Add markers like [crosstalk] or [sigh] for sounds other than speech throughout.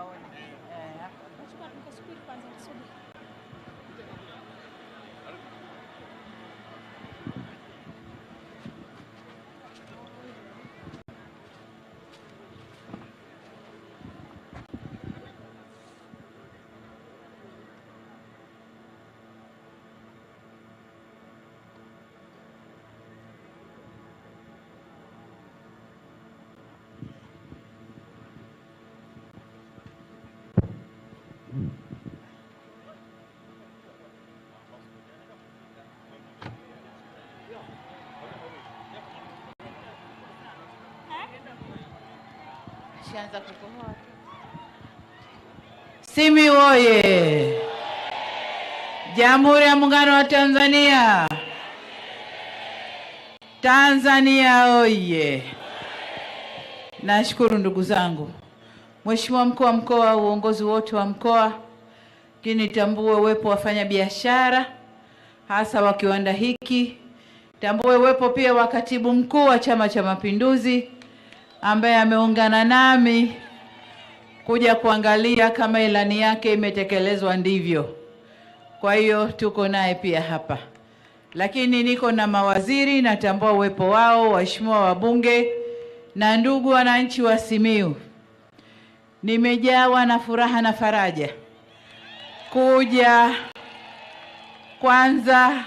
ambao ni eh, hapa. Tunasubiri kwanza, tusubiri. Shaanza kukohoa. oye! Jamhuri ya Muungano wa Tanzania! Tanzania oye! Nashukuru ndugu zangu. Mheshimiwa mkuu wa mkoa, uongozi wote wa mkoa, nitambue uwepo wafanya biashara hasa wa kiwanda hiki, tambue uwepo pia wa katibu mkuu wa Chama cha Mapinduzi ambaye ameungana nami kuja kuangalia kama ilani yake imetekelezwa ndivyo. Kwa hiyo tuko naye pia hapa, lakini niko na mawaziri, natambua uwepo wao, waheshimiwa wabunge na ndugu wananchi wa Simiyu. Nimejawa na furaha na faraja kuja kwanza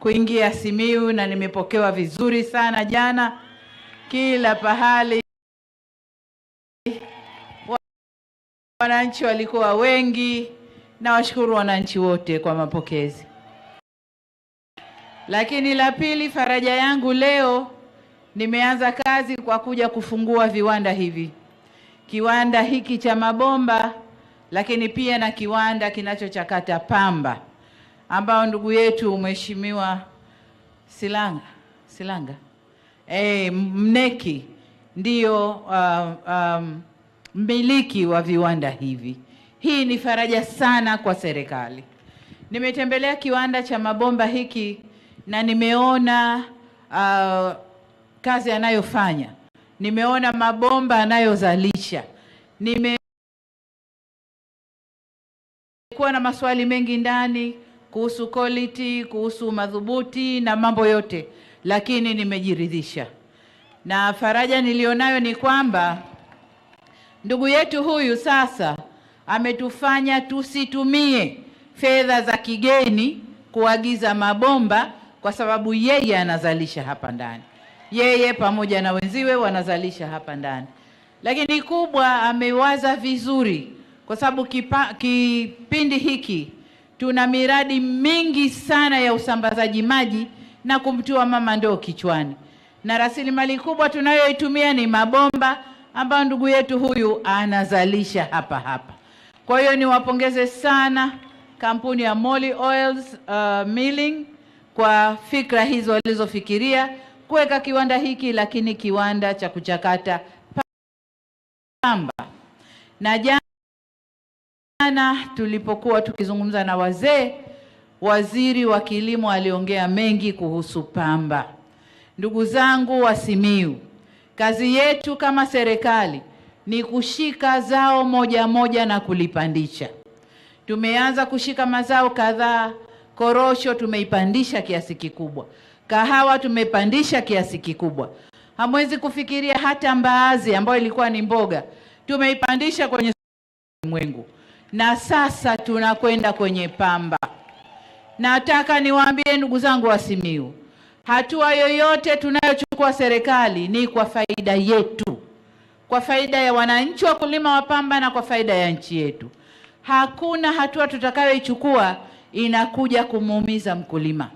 kuingia Simiyu na nimepokewa vizuri sana jana kila pahali. Wananchi walikuwa wengi, na washukuru wananchi wote kwa mapokezi. Lakini la pili, faraja yangu leo nimeanza kazi kwa kuja kufungua viwanda hivi, kiwanda hiki cha mabomba, lakini pia na kiwanda kinachochakata pamba ambao ndugu yetu Mheshimiwa Silanga Silanga eh, mneki ndiyo uh, um, mmiliki wa viwanda hivi. Hii ni faraja sana kwa serikali. Nimetembelea kiwanda cha mabomba hiki na nimeona uh, kazi anayofanya, nimeona mabomba anayozalisha, nime kuwa na maswali mengi ndani kuhusu quality, kuhusu madhubuti na mambo yote lakini nimejiridhisha, na faraja niliyonayo ni kwamba ndugu yetu huyu sasa ametufanya tusitumie fedha za kigeni kuagiza mabomba, kwa sababu yeye anazalisha hapa ndani, yeye pamoja na wenziwe wanazalisha hapa ndani. Lakini kubwa amewaza vizuri, kwa sababu kipindi hiki tuna miradi mingi sana ya usambazaji maji na kumtua mama ndoo kichwani, na rasilimali kubwa tunayoitumia ni mabomba ambayo ndugu yetu huyu anazalisha hapa hapa. Kwa hiyo niwapongeze sana kampuni ya Moli Oils uh, Milling kwa fikra hizo walizofikiria kuweka kiwanda hiki, lakini kiwanda cha kuchakata pamba. Na jana tulipokuwa tukizungumza na wazee Waziri wa Kilimo aliongea mengi kuhusu pamba. Ndugu zangu wa Simiyu, kazi yetu kama serikali ni kushika zao moja moja na kulipandisha. Tumeanza kushika mazao kadhaa. Korosho tumeipandisha kiasi kikubwa, kahawa tumepandisha kiasi kikubwa. Hamwezi kufikiria hata mbaazi ambayo ilikuwa ni mboga tumeipandisha kwenye mwengu, na sasa tunakwenda kwenye pamba. Nataka niwaambie ndugu zangu wa Simiyu, hatua yoyote tunayochukua serikali ni kwa faida yetu, kwa faida ya wananchi wakulima wa pamba na kwa faida ya nchi yetu. Hakuna hatua tutakayoichukua inakuja kumuumiza mkulima,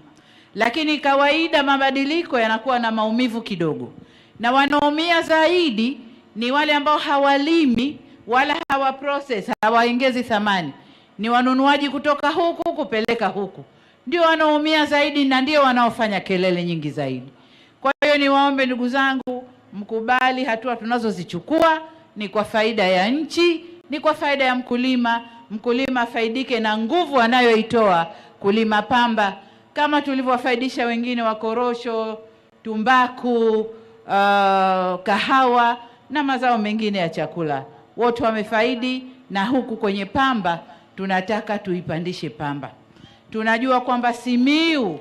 lakini kawaida mabadiliko yanakuwa na maumivu kidogo, na wanaumia zaidi ni wale ambao hawalimi wala hawaprocess, hawaongezi thamani ni wanunuaji kutoka huku kupeleka huku, ndio wanaoumia zaidi na ndio wanaofanya kelele nyingi zaidi. Kwa hiyo niwaombe ndugu zangu, mkubali hatua tunazozichukua ni kwa faida ya nchi, ni kwa faida ya mkulima. Mkulima afaidike na nguvu anayoitoa kulima pamba kama tulivyowafaidisha wengine wa korosho, tumbaku, uh, kahawa na mazao mengine ya chakula. Wote wamefaidi na huku kwenye pamba tunataka tuipandishe pamba. Tunajua kwamba Simiu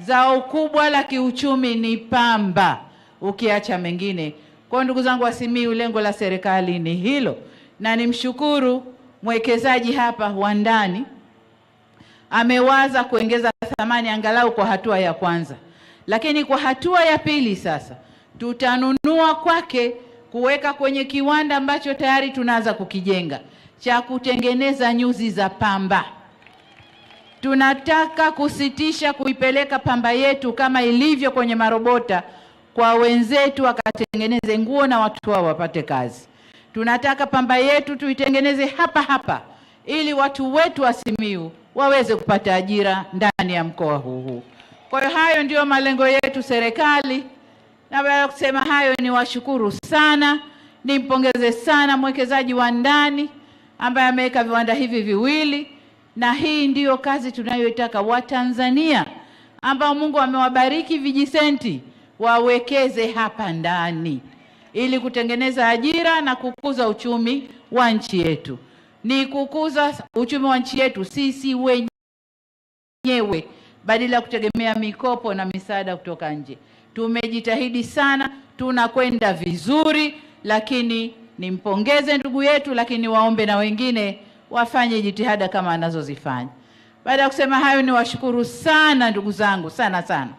zao kubwa la kiuchumi ni pamba, ukiacha mengine. Kwa ndugu zangu wa Simiu, lengo la serikali ni hilo, na nimshukuru mwekezaji hapa wa ndani amewaza kuongeza thamani angalau kwa hatua ya kwanza, lakini kwa hatua ya pili sasa tutanunua kwake kuweka kwenye kiwanda ambacho tayari tunaanza kukijenga cha kutengeneza nyuzi za pamba. Tunataka kusitisha kuipeleka pamba yetu kama ilivyo kwenye marobota kwa wenzetu wakatengeneze nguo na watu wao wapate kazi. Tunataka pamba yetu tuitengeneze hapa hapa ili watu wetu wa Simiyu waweze kupata ajira ndani ya mkoa huu. Kwa hiyo hayo ndiyo malengo yetu serikali, na baada ya kusema hayo, niwashukuru sana, nimpongeze sana mwekezaji wa ndani ambaye ameweka viwanda hivi viwili, na hii ndiyo kazi tunayoitaka Watanzania ambao Mungu amewabariki vijisenti wawekeze hapa ndani ili kutengeneza ajira na kukuza uchumi wa nchi yetu. Ni kukuza uchumi wa nchi yetu sisi wenyewe badala ya kutegemea mikopo na misaada kutoka nje. Tumejitahidi sana, tunakwenda vizuri, lakini nimpongeze ndugu yetu, lakini waombe na wengine wafanye jitihada kama anazozifanya. Baada ya kusema hayo, niwashukuru sana ndugu zangu sana sana.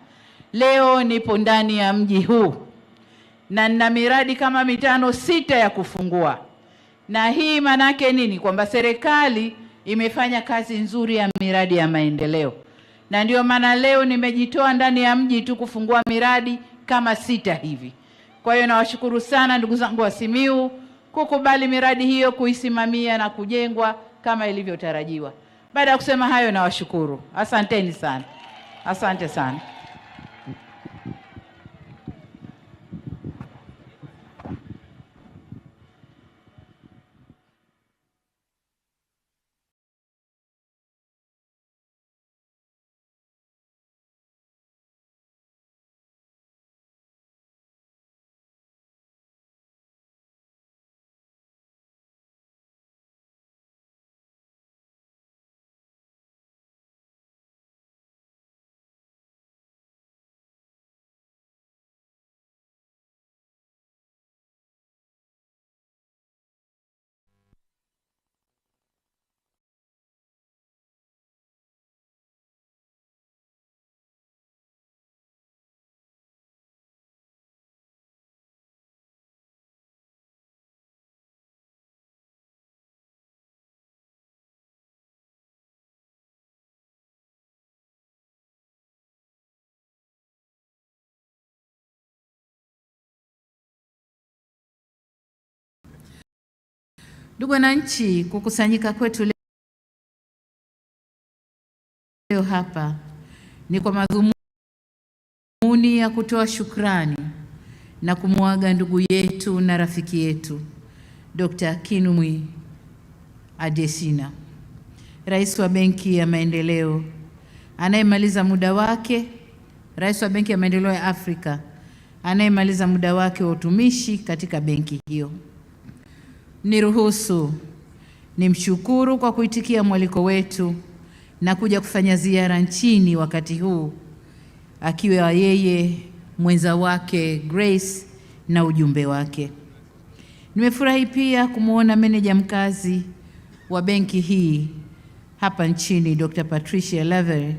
Leo nipo ndani ya mji huu na nina miradi kama mitano sita ya kufungua, na hii maanake nini? Kwamba serikali imefanya kazi nzuri ya miradi ya maendeleo, na ndio maana leo nimejitoa ndani ya mji tu kufungua miradi kama sita hivi. Kwa hiyo nawashukuru sana ndugu zangu wa Simiyu kukubali miradi hiyo kuisimamia na kujengwa kama ilivyotarajiwa. Baada ya kusema hayo, nawashukuru. Asanteni sana. Asante sana. Ndugu wananchi, kukusanyika kwetu leo hapa ni kwa madhumuni ya kutoa shukrani na kumwaga ndugu yetu na rafiki yetu Dr. Kinui Adesina, rais wa Benki ya Maendeleo anayemaliza muda wake, rais wa Benki ya Maendeleo ya Afrika anayemaliza muda wake wa utumishi katika benki hiyo. Niruhusu nimshukuru kwa kuitikia mwaliko wetu na kuja kufanya ziara nchini wakati huu akiwa yeye mwenza wake Grace na ujumbe wake. Nimefurahi pia kumwona meneja mkazi wa benki hii hapa nchini Dr. Patricia lavery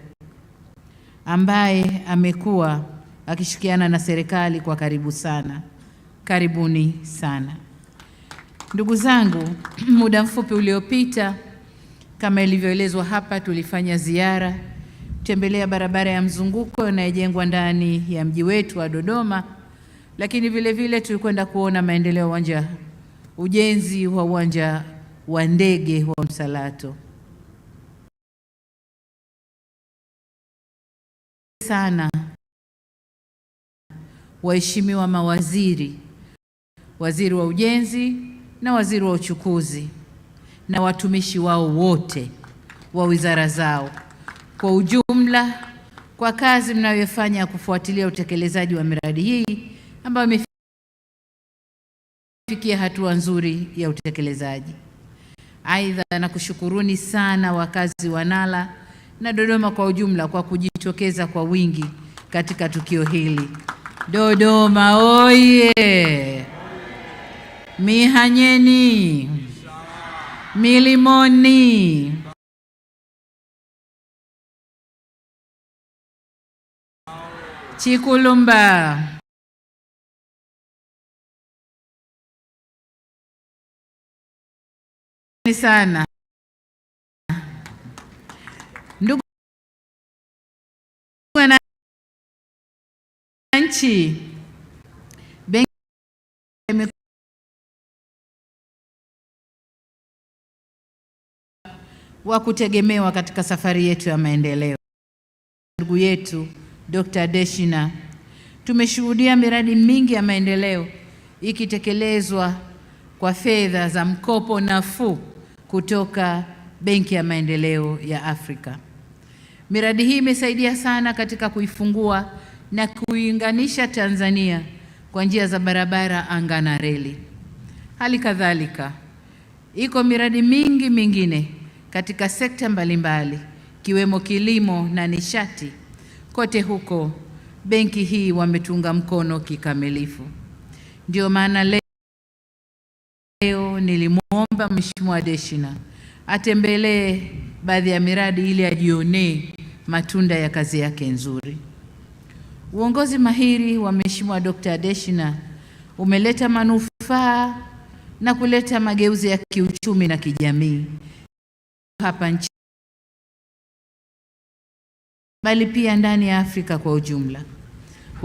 ambaye amekuwa akishirikiana na serikali kwa karibu sana. Karibuni sana. Ndugu zangu, [clears throat] muda mfupi uliopita, kama ilivyoelezwa hapa, tulifanya ziara tembelea barabara ya mzunguko inayojengwa ndani ya mji wetu wa Dodoma, lakini vile vile tulikwenda kuona maendeleo uwanja ujenzi wa uwanja wa ndege wa Msalato sana waheshimiwa mawaziri, waziri wa ujenzi, na waziri wa uchukuzi na watumishi wao wote wa wizara zao kwa ujumla kwa kazi mnayofanya ya kufuatilia utekelezaji wa miradi hii ambayo imefikia hatua nzuri ya utekelezaji. Aidha, nakushukuruni sana wakazi wa Nala na Dodoma kwa ujumla kwa kujitokeza kwa wingi katika tukio hili. Dodoma oye! Mihanyeni, milimoni, Chikulumba, ni sana ndugu wananchi. wa kutegemewa katika safari yetu ya maendeleo. Ndugu yetu Dr. Deshina, tumeshuhudia miradi mingi ya maendeleo ikitekelezwa kwa fedha za mkopo nafuu kutoka Benki ya Maendeleo ya Afrika. Miradi hii imesaidia sana katika kuifungua na kuiunganisha Tanzania kwa njia za barabara, anga na reli. Hali kadhalika iko miradi mingi mingine katika sekta mbalimbali kiwemo kilimo na nishati. Kote huko benki hii wametunga mkono kikamilifu. Ndio maana leo, nilimwomba Mheshimiwa Deshina atembelee baadhi ya miradi ili ajionee matunda ya kazi yake nzuri. Uongozi mahiri wa Mheshimiwa Dr. Deshina umeleta manufaa na kuleta mageuzi ya kiuchumi na kijamii hapa nchini bali pia ndani ya Afrika kwa ujumla.